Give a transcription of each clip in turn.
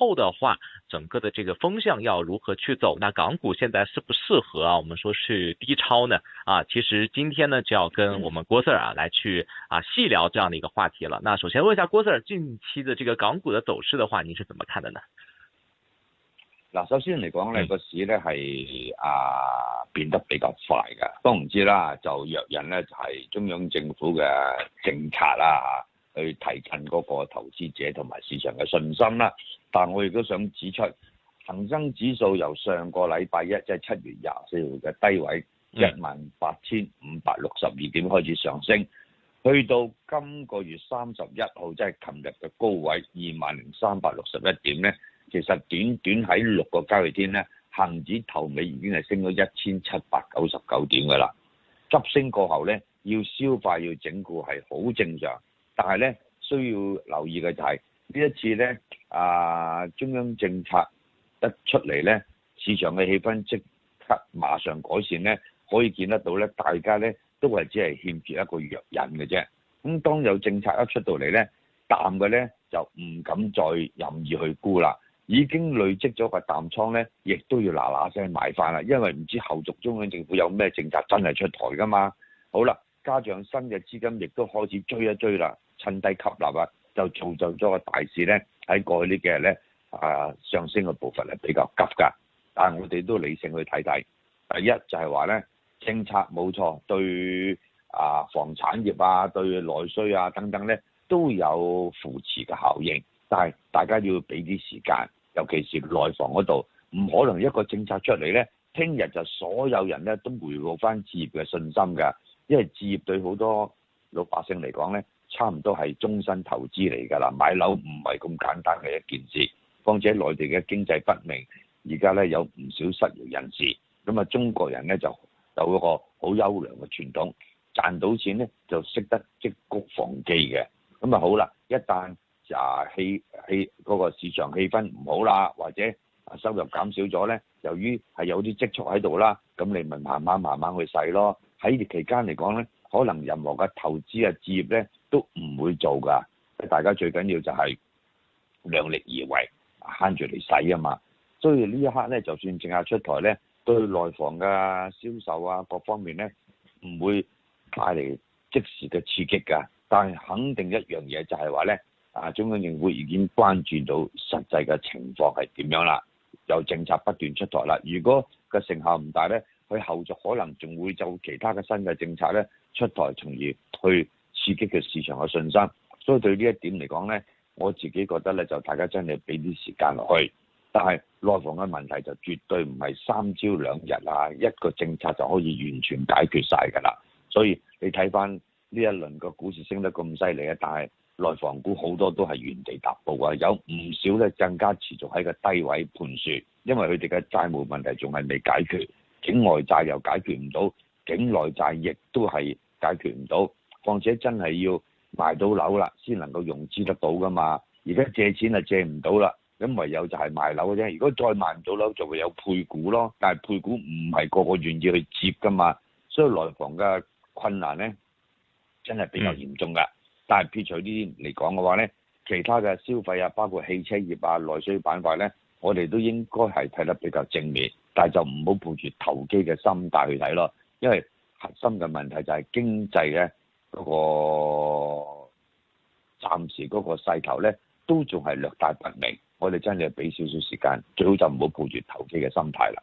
後的話，整個的這個風向要如何去走？那港股現在適不適合啊？我們說是低超呢？啊，其實今天呢就要跟我們郭 Sir 啊來去啊細聊這樣的一個話題了。那首先問一下郭 Sir，近期的這個港股的走勢的話，您是怎麼看的呢？嗱，首先嚟講呢個、嗯、市呢，係啊變得比較快噶，都唔知啦，就若人呢，就係、是、中央政府嘅政策啊，去提振嗰個投資者同埋市場嘅信心啦、啊。但我亦都想指出，恒生指數由上個禮拜一即係七月廿四號嘅低位一萬八千五百六十二點開始上升，去到今個月三十一號即係琴日嘅，就是、高位二萬零三百六十一點咧，其實短短喺六個交易天咧，恒指頭尾已經係升咗一千七百九十九點㗎啦。急升過後咧，要消化要整固係好正常，但係咧需要留意嘅就係、是、呢一次咧。啊！中央政策一出嚟呢，市場嘅氣氛即刻馬上改善呢，可以見得到呢，大家呢都係只係欠缺一個藥引嘅啫。咁當有政策一出到嚟呢，淡嘅呢就唔敢再任意去沽啦。已經累積咗個淡倉呢亦都要嗱嗱聲買翻啦，因為唔知後續中央政府有咩政策真係出台噶嘛。好啦，加上新嘅資金亦都開始追一追啦，趁低吸納啊！就造就咗個大事咧，喺過去呢幾日咧，啊上升嘅部分係比較急㗎，但係我哋都理性去睇睇。第一就係話咧，政策冇錯，對啊房產業啊、對內需啊等等咧，都有扶持嘅效應。但係大家要俾啲時間，尤其是內房嗰度，唔可能一個政策出嚟咧，聽日就所有人咧都回復翻置業嘅信心㗎，因為置業對好多老百姓嚟講咧。差唔多係終身投資嚟㗎啦，買樓唔係咁簡單嘅一件事，況且內地嘅經濟不明，而家咧有唔少失業人士，咁啊中國人咧就有嗰個好優良嘅傳統，賺到錢咧就識得積穀防饑嘅，咁啊好啦，一旦啊氣氣嗰個市場氣氛唔好啦，或者啊收入減少咗咧，由於係有啲積蓄喺度啦，咁你咪慢慢慢慢去使咯，喺期間嚟講咧。可能任何嘅投資啊、置業咧都唔會做㗎，大家最緊要就係量力而為，慳住嚟使啊嘛。所以呢一刻咧，就算政策出台咧，對內房嘅銷售啊各方面咧，唔會帶嚟即時嘅刺激㗎。但係肯定一樣嘢就係話咧，啊中央政府已經關注到實際嘅情況係點樣啦，有政策不斷出台啦。如果個成效唔大咧，佢後續可能仲會就其他嘅新嘅政策咧出台，從而去刺激嘅市場嘅信心。所以對呢一點嚟講咧，我自己覺得咧，就大家真係俾啲時間落去。但係內房嘅問題就絕對唔係三朝兩日啊，一個政策就可以完全解決晒㗎啦。所以你睇返呢一輪個股市升得咁犀利啊，但係內房股好多都係原地踏步啊，有唔少咧更加持續喺個低位盤旋，因為佢哋嘅債務問題仲係未解決。境外債又解決唔到，境內債亦都係解決唔到，況且真係要賣到樓啦，先能夠融資得到噶嘛。而家借錢係借唔到啦，咁唯有就係賣樓嘅啫。如果再賣唔到樓，就會有配股咯。但係配股唔係個個願意去接噶嘛，所以內房嘅困難咧真係比較嚴重噶。嗯、但係撇除呢啲嚟講嘅話咧，其他嘅消費啊，包括汽車業啊，內需板塊咧，我哋都應該係睇得比較正面，但係就唔好抱住投機嘅心態去睇咯，因為核心嘅問題就係經濟咧、那個暫時個暫時嗰個勢頭咧都仲係略帶不明，我哋真係要俾少少時間，最好就唔好抱住投機嘅心態啦。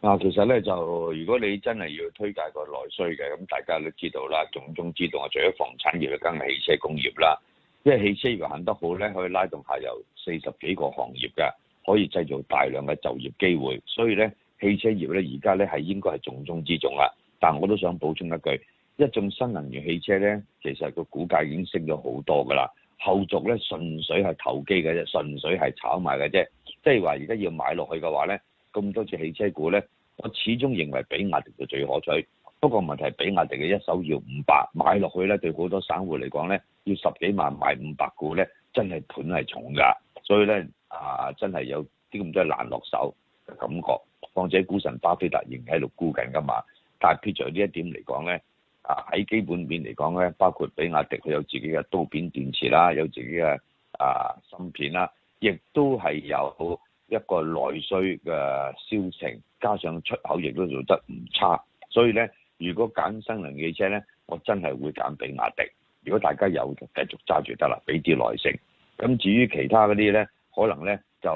啊，其實咧就如果你真係要推介個內需嘅，咁大家都知道啦，重中之重啊，除咗房產業，梗係汽車工業啦，因為汽車業行得好咧，可以拉動下游四十幾個行業嘅，可以製造大量嘅就業機會。所以咧，汽車業咧而家咧係應該係重中之重啦。但我都想補充一句，一種新能源汽車咧，其實個股價已經升咗好多噶啦，後續咧純粹係投機嘅啫，純粹係炒賣嘅啫。即係話而家要買落去嘅話咧。咁多隻汽車股咧，我始終認為比亞迪就最可取。不過問題，比亞迪嘅一手要五百，買落去咧，對好多散戶嚟講咧，要十幾萬買五百股咧，真係盤係重㗎。所以咧，啊，真係有啲咁多難落手嘅感覺。況且，股神巴菲特仍喺度沽緊㗎嘛。但係撇除呢一點嚟講咧，啊喺基本面嚟講咧，包括比亞迪佢有自己嘅刀片電池啦，有自己嘅啊芯片啦，亦都係有。一個內需嘅消成，加上出口亦都做得唔差，所以咧，如果揀新能源汽車咧，我真係會揀比亞迪。如果大家有就繼續揸住得啦，俾啲耐性。咁至於其他嗰啲咧，可能咧就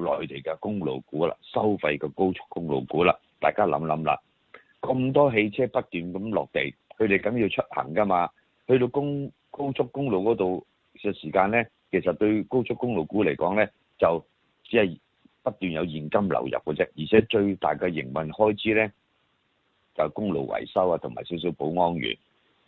內地嘅公路股啦，收費嘅高速公路股啦，大家諗諗啦。咁多汽車不斷咁落地，佢哋梗要出行㗎嘛？去到公高速公路嗰度嘅時間咧，其實對高速公路股嚟講咧就。即係不斷有現金流入嘅啫，而且最大嘅營運開支咧就係公路維修啊，同埋少少保安員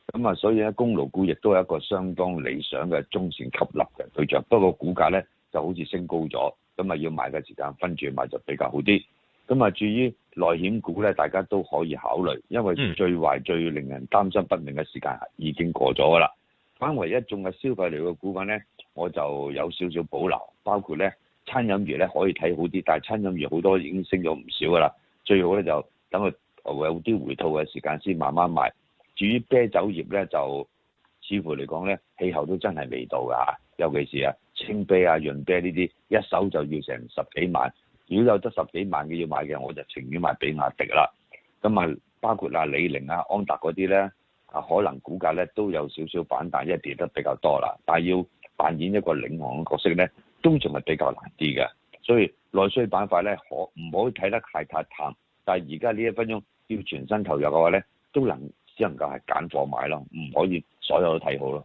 咁啊，所以咧，公路股亦都係一個相當理想嘅中線吸納嘅對象。不過股價咧就好似升高咗，咁啊要買嘅時間分住買就比較好啲。咁啊，至於內險股咧，大家都可以考慮，因為最壞、嗯、最令人擔心不明嘅時間已經過咗噶啦。反為一眾嘅消費類嘅股份咧，我就有少少保留，包括咧。餐飲業咧可以睇好啲，但係餐飲業好多已經升咗唔少噶啦。最好咧就等佢有啲回吐嘅時間先慢慢買。至於啤酒業咧，就似乎嚟講咧氣候都真係未到㗎，尤其是清啊，青啤啊，潤啤呢啲，一手就要成十幾萬。如果有得十幾萬嘅要買嘅，我就情願買比亞迪啦。咁啊，包括啊李寧啊，安踏嗰啲咧，啊可能股價咧都有少少反彈，因為跌得比較多啦。但係要扮演一個領航嘅角色咧。都仲係比較難啲嘅，所以內需板塊咧可唔可以睇得太淡？但係而家呢一分鐘要全身投入嘅話咧，都能只能夠係揀貨買咯，唔可以所有都睇好咯。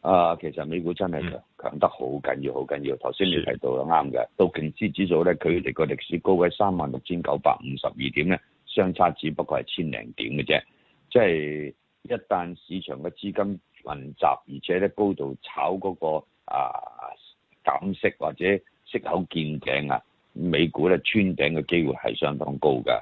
啊，其實美股真係強、嗯、強得好緊要，好緊要。頭先你提到啱嘅的。道瓊斯指數咧，佢哋個歷史高位三萬六千九百五十二點咧，相差只不過係千零點嘅啫。即、就、係、是、一旦市場嘅資金混集，而且咧高度炒嗰、那個啊減息或者息口見頂啊，美股咧穿頂嘅機會係相當高嘅。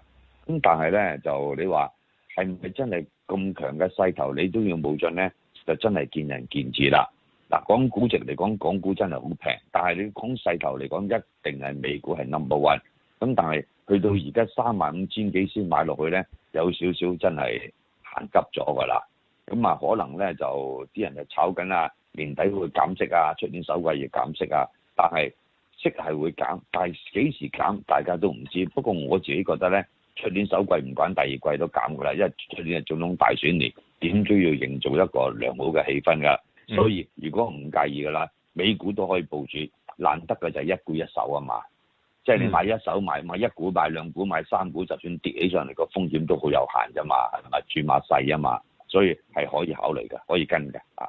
咁但係咧就你話係唔係真係咁強嘅勢頭，你都要無盡咧？就真係見仁見智啦。嗱，講估值嚟講，港股真係好平，但係你講勢頭嚟講，一定係美股係 number one。咁但係去到而家三萬五千幾先買落去呢，有少少真係行急咗㗎啦。咁、嗯、啊，可能呢，就啲人就炒緊啦。年底會減息啊，出年首季要減息啊。但係息係會減，但係幾時減大家都唔知。不過我自己覺得呢，出年首季唔管第二季都減㗎啦，因為出年係總統大選年。點都要營造一個良好嘅氣氛噶，所以如果唔介意噶啦，美股都可以部署，難得嘅就係一股一手啊嘛，即係你買一手買買一股買兩股買三股，就算跌起上嚟個風險都好有限啫嘛，同埋注碼細啊嘛，所以係可以考慮噶，可以跟嘅啊。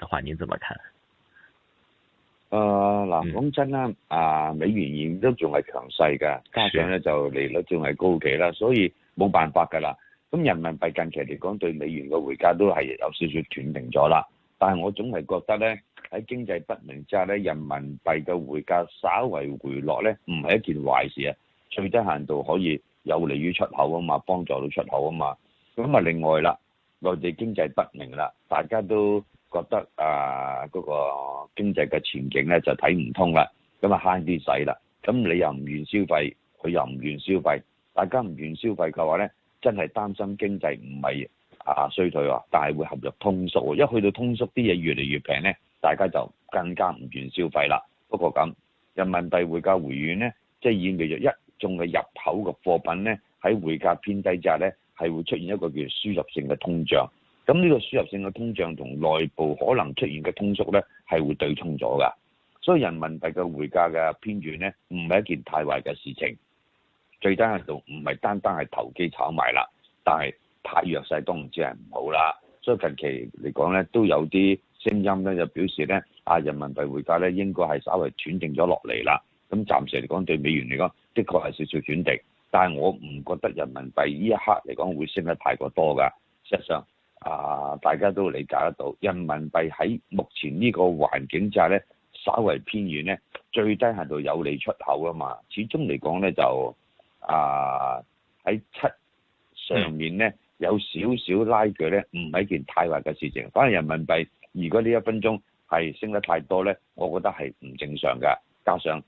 嘅話，您點睇？誒嗱、呃，講真啦，嗯、啊美元現都仲係強勢嘅，加上咧是就利率仲係高企啦，所以冇辦法㗎啦。咁人民幣近期嚟講對美元嘅匯價都係有少少斷定咗啦。但係我總係覺得咧，喺經濟不明之下咧，人民幣嘅匯價稍為回落咧，唔係一件壞事啊。最低限度可以有利於出口啊嘛，幫助到出口啊嘛。咁啊，另外啦，內地經濟不明啦，大家都覺得啊，嗰個經濟嘅前景咧就睇唔通啦，咁啊慳啲使啦。咁你又唔願消費，佢又唔願消費，大家唔願消費嘅話咧，真係擔心經濟唔係啊衰退喎，但係會陷入通縮。一去到通縮啲嘢越嚟越平咧，大家就更加唔願消費啦。不過咁，人民幣匯價回軟咧，即係意味着一眾嘅入口嘅貨品咧，喺匯價偏低之下咧，係會出現一個叫輸入性嘅通脹。咁呢個輸入性嘅通脹同內部可能出現嘅通縮呢，係會對沖咗噶。所以人民幣嘅匯價嘅偏軟呢，唔係一件太壞嘅事情。最低限度唔係單單係投機炒賣啦，但係太弱勢都唔知係唔好啦。所以近期嚟講呢，都有啲聲音呢，就表示呢，啊人民幣匯價呢應該係稍微轉定咗落嚟啦。咁暫時嚟講對美元嚟講，的確係少少轉定。但係我唔覺得人民幣呢一刻嚟講會升得太過多噶。事實上，啊！大家都理解得到，人民幣喺目前呢個環境之下咧，稍為偏軟咧，最低限度有利出口啊嘛。始終嚟講咧，就啊喺七上面咧有少少拉鋸咧，唔係一件太壞嘅事情。反而人民幣如果呢一分鐘係升得太多咧，我覺得係唔正常嘅。加上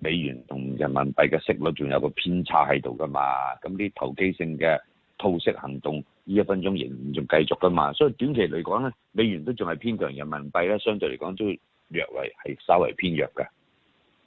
美元同人民幣嘅息率仲有個偏差喺度噶嘛，咁啲投機性嘅套息行動呢一分鐘仍然仲繼續㗎嘛，所以短期嚟講咧，美元都仲係偏強，人民幣咧相對嚟講都略為係稍為偏弱㗎。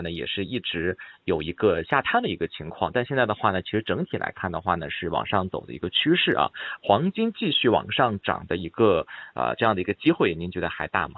那也是一直有一個下探的一個情況，但現在的話呢，其實整體來看的話呢，是往上走的一個趨勢啊。黃金繼續往上漲的一個啊、呃，這樣的一個機會，您覺得還大嗎？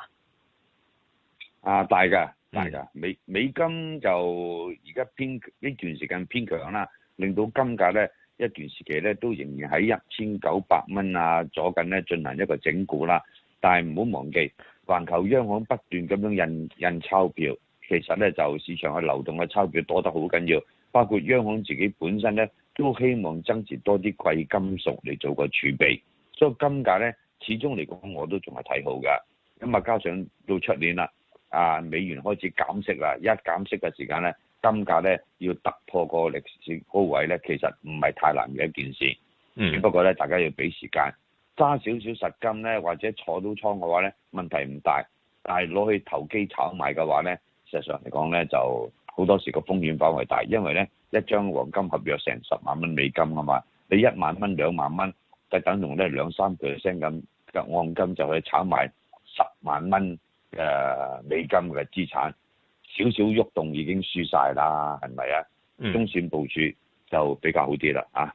啊，大嘅，大嘅。美美金就而家偏、嗯、呢段時間偏強啦，令到金價呢一段時期呢，都仍然喺一千九百蚊啊左近呢，進行一個整固啦。但係唔好忘記，環球央行不斷咁樣印印鈔票。其實咧，就市場嘅流動嘅鈔票多得好緊要，包括央行自己本身咧，都希望增持多啲貴金屬嚟做個儲備。所以金價咧，始終嚟講我都仲係睇好㗎。咁啊，加上到出年啦，啊美元開始減息啦，一減息嘅時間咧，金價咧要突破個歷史高位咧，其實唔係太難嘅一件事。嗯。不過咧，大家要俾時間揸少少實金咧，或者坐到倉嘅話咧，問題唔大。但係攞去投機炒賣嘅話咧，事實上嚟講咧，就好多時個風險範圍大，因為咧一張黃金合約成十萬蚊美金啊嘛，你一萬蚊兩萬蚊，就等同咧兩三 percent 咁嘅按金，就可以炒埋十萬蚊嘅、呃、美金嘅資產，少少喐動已經輸晒啦，係咪啊？嗯、中線部署就比較好啲啦嚇。啊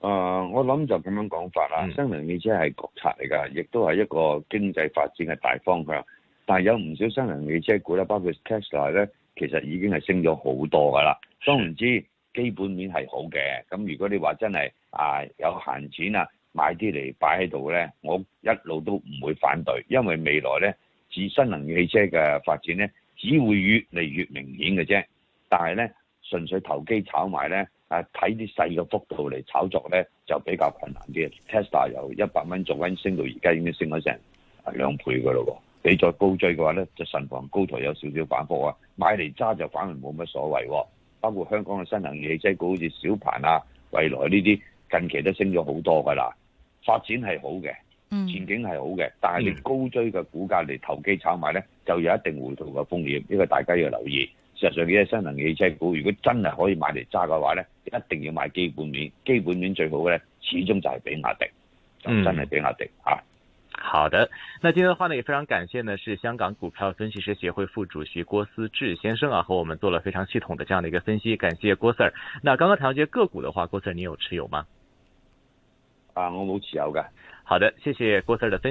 誒、呃，我諗就咁樣講法啦。嗯、新能源汽車係國策嚟噶，亦都係一個經濟發展嘅大方向。但係有唔少新能源汽車股咧，包括 Tesla 咧，其實已經係升咗好多噶啦。當然之，基本面係好嘅。咁如果你話真係啊，有閒錢啊，買啲嚟擺喺度咧，我一路都唔會反對，因為未來咧，自新能源汽車嘅發展咧，只會越嚟越明顯嘅啫。但係咧，純粹投機炒賣咧。啊！睇啲細嘅幅度嚟炒作咧，就比較困難啲。Tesla 由一百蚊做緊升到而家，已經升咗成兩倍噶咯喎。你再高追嘅話咧，就慎防高台有少少反覆啊！買嚟揸就反而冇乜所謂喎。包括香港嘅新能源汽車股，好似小鵬啊、蔚來呢啲，近期都升咗好多噶啦。發展係好嘅，前景係好嘅，但係你高追嘅股價嚟投機炒賣咧，就有一定回吐嘅風險，呢個大家要留意。實際上，呢啲新能源汽車股，如果真係可以買嚟揸嘅話呢，一定要買基本面，基本面最好嘅呢，始終就係比亞迪，就真係比亞迪、嗯、啊。好的，那今天嘅話呢，也非常感謝呢，是香港股票分析師協會副主席郭思治先生啊，和我們做了非常系統的這樣的一個分析，感謝郭 Sir。那剛剛談到啲個股嘅話，郭 Sir 你有持有嗎？啊，我冇持有㗎。好的，謝謝郭 Sir 嘅分析。